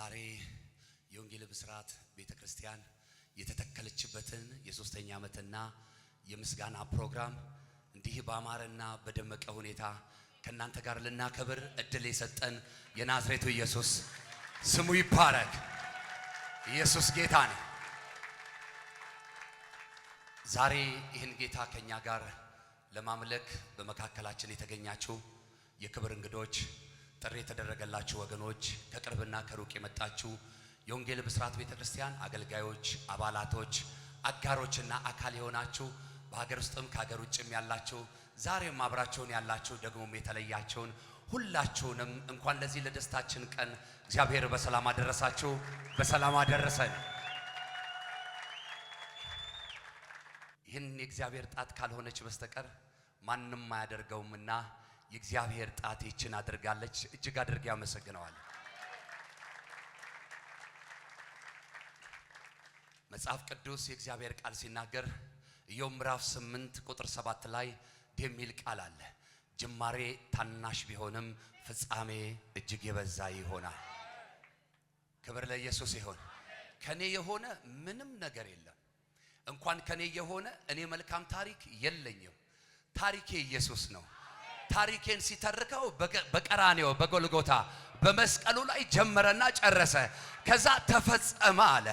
ዛሬ የወንጌል ብስራት ቤተ ክርስቲያን የተተከለችበትን የሶስተኛ ዓመትና የምስጋና ፕሮግራም እንዲህ በአማረና በደመቀ ሁኔታ ከእናንተ ጋር ልናከብር እድል የሰጠን የናዝሬቱ ኢየሱስ ስሙ ይባረክ። ኢየሱስ ጌታ ነው። ዛሬ ይህን ጌታ ከኛ ጋር ለማምለክ በመካከላችን የተገኛችሁ የክብር እንግዶች ጥሪ የተደረገላችሁ ወገኖች ከቅርብና ከሩቅ የመጣችሁ የወንጌል ብስራት ቤተ ክርስቲያን አገልጋዮች፣ አባላቶች፣ አጋሮችና አካል የሆናችሁ በሀገር ውስጥም ከሀገር ውጭም ያላችሁ ዛሬም አብራችሁን ያላችሁ ደግሞም የተለያችሁን ሁላችሁንም እንኳን ለዚህ ለደስታችን ቀን እግዚአብሔር በሰላም አደረሳችሁ፣ በሰላም አደረሰን። ይህን የእግዚአብሔር ጣት ካልሆነች በስተቀር ማንም አያደርገውምና የእግዚአብሔር ጣት ይችን አድርጋለች። እጅግ አድርጌ አመሰግነዋለሁ። መጽሐፍ ቅዱስ የእግዚአብሔር ቃል ሲናገር ኢዮብ ምዕራፍ 8 ቁጥር 7 ላይ የሚል ቃል አለ። ጅማሬ ታናሽ ቢሆንም ፍጻሜ እጅግ የበዛ ይሆናል። ክብር ለኢየሱስ ይሆን። ከኔ የሆነ ምንም ነገር የለም። እንኳን ከኔ የሆነ እኔ መልካም ታሪክ የለኝም። ታሪኬ ኢየሱስ ነው። ታሪኬን ሲተርከው በቀራኔው በጎልጎታ በመስቀሉ ላይ ጀመረና ጨረሰ። ከዛ ተፈጸመ አለ።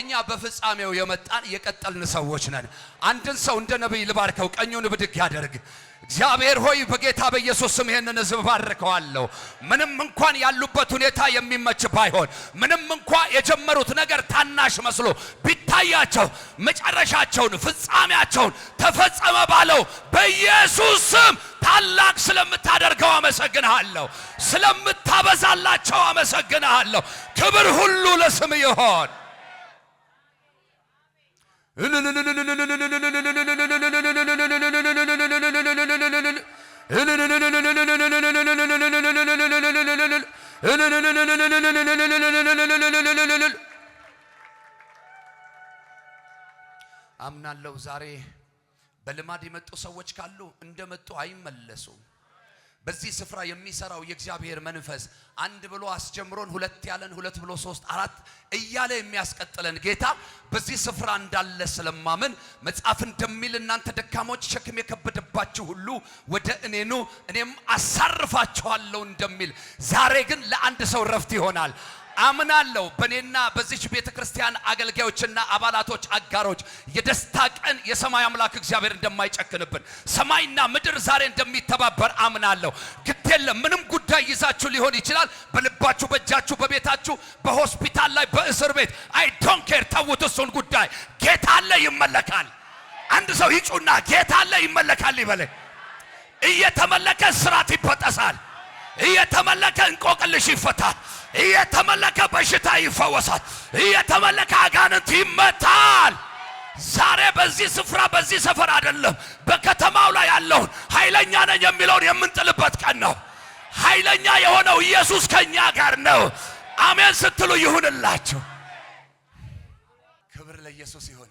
እኛ በፍጻሜው የመጣን የቀጠልን ሰዎች ነን። አንድን ሰው እንደ ነቢይ ልባርከው፣ ቀኙን ብድግ ያደርግ። እግዚአብሔር ሆይ በጌታ በኢየሱስ ስም ይህንን ሕዝብ ባርከዋለሁ። ምንም እንኳን ያሉበት ሁኔታ የሚመች ባይሆን፣ ምንም እንኳ የጀመሩት ነገር ታናሽ መስሎ ቢታያቸው፣ መጨረሻቸውን ፍጻሜያቸውን ተፈጸመ ባለው በኢየሱስ ስም ታላቅ ስለምታደርገው አመሰግንሃለሁ። ስለምታበዛላቸው አመሰግንሃለሁ። ክብር ሁሉ ለስም ይሆን። አምናለሁ ዛሬ በልማድ የመጡ ሰዎች ካሉ እንደመጡ አይመለሱም። በዚህ ስፍራ የሚሰራው የእግዚአብሔር መንፈስ አንድ ብሎ አስጀምሮን ሁለት ያለን ሁለት ብሎ ሶስት አራት እያለ የሚያስቀጥለን ጌታ በዚህ ስፍራ እንዳለ ስለማምን መጽሐፍ እንደሚል እናንተ ደካሞች ሸክም የከበደባችሁ ሁሉ ወደ እኔ ኑ እኔም አሳርፋችኋለሁ እንደሚል ዛሬ ግን ለአንድ ሰው ረፍት ይሆናል። አምናለሁ በእኔና በዚች ቤተ ክርስቲያን አገልጋዮችና አባላቶች አጋሮች የደስታ ቀን የሰማይ አምላክ እግዚአብሔር እንደማይጨክንብን ሰማይና ምድር ዛሬ እንደሚተባበር አምናለሁ። ግድ የለም ምንም ጉዳይ ይዛችሁ ሊሆን ይችላል። በልባችሁ፣ በእጃችሁ፣ በቤታችሁ፣ በሆስፒታል ላይ፣ በእስር ቤት አይ ዶንት ኬር ተውት። እሱን ጉዳይ ጌታ አለ ይመለካል። አንድ ሰው ይጩና ጌታ አለ ይመለካል ይበለ። እየተመለከ ስራት ይበጠሳል። እየተመለከ እንቆቅልሽ ይፈታል። እየተመለከ በሽታ ይፈወሳል። እየተመለከ አጋንንት ይመታል። ዛሬ በዚህ ስፍራ በዚህ ሰፈር አይደለም በከተማው ላይ ያለውን ኃይለኛ ነኝ የሚለውን የምንጥልበት ቀን ነው። ኃይለኛ የሆነው ኢየሱስ ከኛ ጋር ነው። አሜን ስትሉ ይሁንላችሁ። ክብር ለኢየሱስ ይሁን።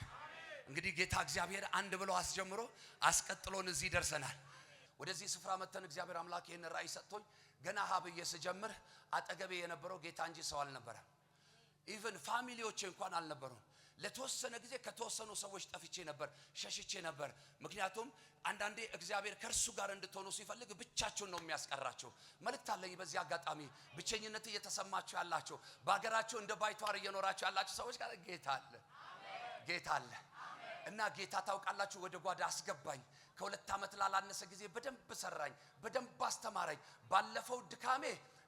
እንግዲህ ጌታ እግዚአብሔር አንድ ብሎ አስጀምሮ አስቀጥሎን እዚህ ደርሰናል። ወደዚህ ስፍራ መተን እግዚአብሔር አምላክ ይህን ራእይ ሰጥቶኝ ገና ሀብዬ ስጀምር አጠገቤ የነበረው ጌታ እንጂ ሰው አልነበረ። ኢቨን ፋሚሊዎች እንኳን አልነበሩም። ለተወሰነ ጊዜ ከተወሰኑ ሰዎች ጠፍቼ ነበር፣ ሸሽቼ ነበር። ምክንያቱም አንዳንዴ እግዚአብሔር ከእርሱ ጋር እንድትሆኑ ሲፈልግ ብቻችሁን ነው የሚያስቀራቸው። መልእክት አለኝ በዚህ አጋጣሚ ብቸኝነት እየተሰማችሁ ያላችሁ፣ በሀገራችሁ እንደ ባይተዋር እየኖራችሁ ያላችሁ ሰዎች ጋር ጌታ አለ፣ ጌታ አለ። እና ጌታ ታውቃላችሁ፣ ወደ ጓዳ አስገባኝ። ከሁለት ዓመት ላላነሰ ጊዜ በደንብ ሰራኝ፣ በደንብ አስተማረኝ። ባለፈው ድካሜ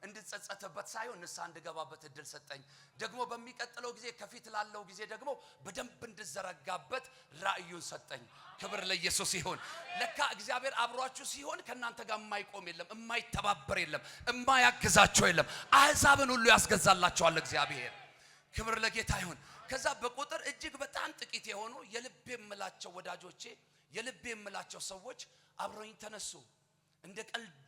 እንድጸጸትበት ሳይሆን ንስሐ እንድገባበት እድል ሰጠኝ። ደግሞ በሚቀጥለው ጊዜ ከፊት ላለው ጊዜ ደግሞ በደንብ እንድዘረጋበት ራእዩን ሰጠኝ። ክብር ለኢየሱስ ይሁን። ለካ እግዚአብሔር አብሯችሁ ሲሆን ከእናንተ ጋር የማይቆም የለም፣ የማይተባበር የለም፣ የማያግዛቸው የለም። አሕዛብን ሁሉ ያስገዛላቸዋል እግዚአብሔር ክብር ለጌታ ይሁን። ከዛ በቁጥር እጅግ በጣም ጥቂት የሆኑ የልቤ የምላቸው ወዳጆቼ የልቤ የምላቸው ሰዎች አብረኝ ተነሱ። እንደ ቀልድ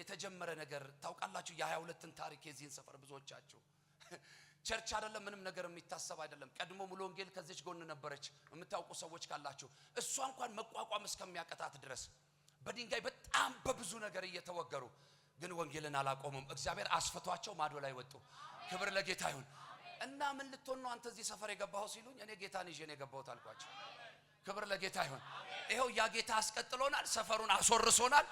የተጀመረ ነገር ታውቃላችሁ። የሀያ ሁለትን ታሪክ የዚህን ሰፈር ብዙዎቻችሁ ቸርች አይደለም፣ ምንም ነገር የሚታሰብ አይደለም። ቀድሞ ሙሉ ወንጌል ከዚች ጎን ነበረች፣ የምታውቁ ሰዎች ካላችሁ እሷ እንኳን መቋቋም እስከሚያቀታት ድረስ በድንጋይ በጣም በብዙ ነገር እየተወገሩ ግን ወንጌልን አላቆሙም። እግዚአብሔር አስፈቷቸው ማዶ ላይ ወጡ። ክብር ለጌታ ይሁን። እና ምን ልትሆን ነው አንተ እዚህ ሰፈር የገባው ሲሉኝ፣ እኔ ጌታን ይዤ ነው የገባሁት አልኳቸው። ክብር ለጌታ ይሁን። ይኸው ያ ጌታ አስቀጥሎናል፣ ሰፈሩን አስወርሶናል።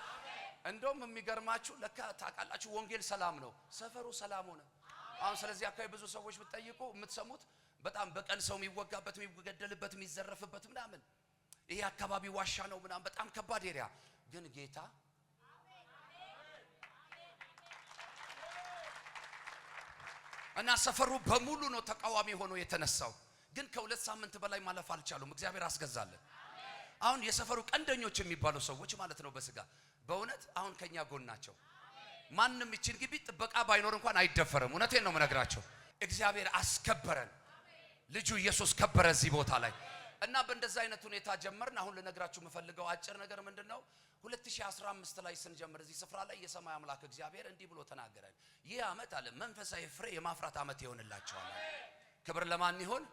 እንደውም የሚገርማችሁ ለካ ታውቃላችሁ፣ ወንጌል ሰላም ነው፣ ሰፈሩ ሰላም ሆነ። አሁን ስለዚህ አካባቢ ብዙ ሰዎች ብትጠይቁ የምትሰሙት በጣም በቀን ሰው የሚወጋበት የሚገደልበት የሚዘረፍበት ምናምን ይሄ አካባቢ ዋሻ ነው ምናምን በጣም ከባድ ኤሪያ ግን ጌታ እና ሰፈሩ በሙሉ ነው ተቃዋሚ ሆኖ የተነሳው። ግን ከሁለት ሳምንት በላይ ማለፍ አልቻሉም። እግዚአብሔር አስገዛለን። አሁን የሰፈሩ ቀንደኞች የሚባሉ ሰዎች ማለት ነው በስጋ በእውነት አሁን ከኛ ጎን ናቸው። ማንም ይችን ግቢ ጥበቃ ባይኖር እንኳን አይደፈርም። እውነቴን ነው የምነግራቸው። እግዚአብሔር አስከበረን። ልጁ ኢየሱስ ከበረ እዚህ ቦታ ላይ እና በእንደዛ አይነት ሁኔታ ጀመርን። አሁን ልነግራችሁ የምፈልገው አጭር ነገር ምንድን ነው? 2015 ላይ ስንጀምር እዚህ ስፍራ ላይ የሰማይ አምላክ እግዚአብሔር እንዲህ ብሎ ተናገረን። ይህ ዓመት አለ መንፈሳዊ ፍሬ የማፍራት ዓመት ይሆንላቸዋል። ክብር ለማን ይሆን?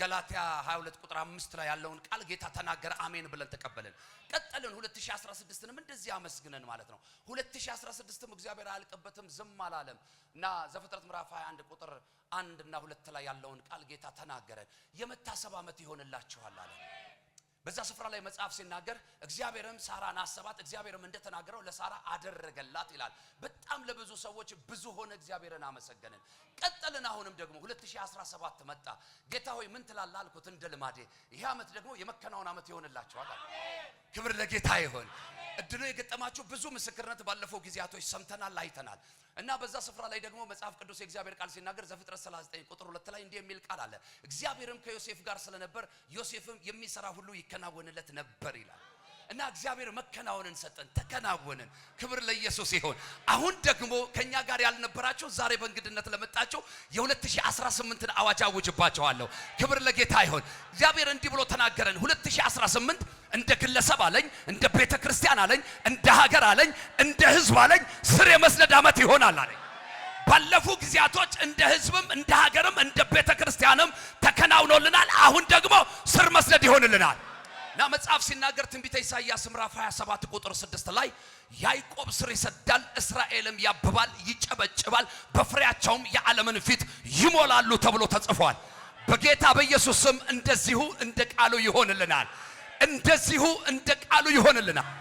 ገላትያ 22 ቁጥር 5 ላይ ያለውን ቃል ጌታ ተናገረ። አሜን ብለን ተቀበልን። ቀጠልን። 2016ንም እንደዚህ አመስግነን ማለት ነው። 2016ም እግዚአብሔር አያልቅበትም፣ ዝም አላለም እና ዘፍጥረት ምዕራፍ 21 ቁጥር አንድ እና ሁለት ላይ ያለውን ቃል ጌታ ተናገረን። የመታሰብ ዓመት ይሆንላችኋል አለ። በዛ ስፍራ ላይ መጽሐፍ ሲናገር እግዚአብሔርም ሳራን አሰባት፣ እግዚአብሔርም እንደተናገረው ለሳራ አደረገላት ይላል። በጣም ለብዙ ሰዎች ብዙ ሆነ። እግዚአብሔርን አመሰገንን። ቀጠልን። አሁንም ደግሞ 2017 መጣ። ጌታ ሆይ ምን ትላለህ አልኩት እንደ ልማዴ። ይህ ዓመት ደግሞ የመከናወን ዓመት ይሆንላቸዋል። ክብር ለጌታ ይሆን። እድሉ የገጠማችሁ ብዙ ምስክርነት ባለፈው ጊዜያቶች ሰምተናል፣ አይተናል እና በዛ ስፍራ ላይ ደግሞ መጽሐፍ ቅዱስ የእግዚአብሔር ቃል ሲናገር ዘፍጥረት 39 ቁጥር ሁለት ላይ እንዲህ የሚል ቃል አለ። እግዚአብሔርም ከዮሴፍ ጋር ስለነበር ዮሴፍም የሚሰራ ሁሉ ይከናወንለት ነበር ይላል። እና እግዚአብሔር መከናወንን ሰጠን፣ ተከናወንን። ክብር ለኢየሱስ ይሆን። አሁን ደግሞ ከኛ ጋር ያልነበራቸው ዛሬ በእንግድነት ለመጣቸው የ2018ን አዋጅ አውጅባቸዋለሁ። ክብር ለጌታ ይሆን። እግዚአብሔር እንዲህ ብሎ ተናገረን። 2018 እንደ ግለሰብ አለኝ፣ እንደ ቤተ ክርስቲያን አለኝ፣ እንደ ሀገር አለኝ፣ እንደ ህዝብ አለኝ፣ ስር የመስደድ ዓመት ይሆናል አለኝ። ባለፉ ጊዜያቶች እንደ ህዝብም እንደ ሀገርም እንደ ቤተ ክርስቲያንም ተከናውኖልናል። አሁን ደግሞ ስር መስደድ ይሆንልናል። እና መጽሐፍ ሲናገር ትንቢተ ኢሳይያስ ምዕራፍ 27 ቁጥር 6 ላይ ያዕቆብ ስር ይሰዳል፣ እስራኤልም ያብባል፣ ይጨበጭባል፣ በፍሬያቸውም የዓለምን ፊት ይሞላሉ ተብሎ ተጽፏል። በጌታ በኢየሱስ ስም እንደዚሁ እንደ ቃሉ ይሆንልናል። እንደዚሁ እንደ ቃሉ ይሆንልናል።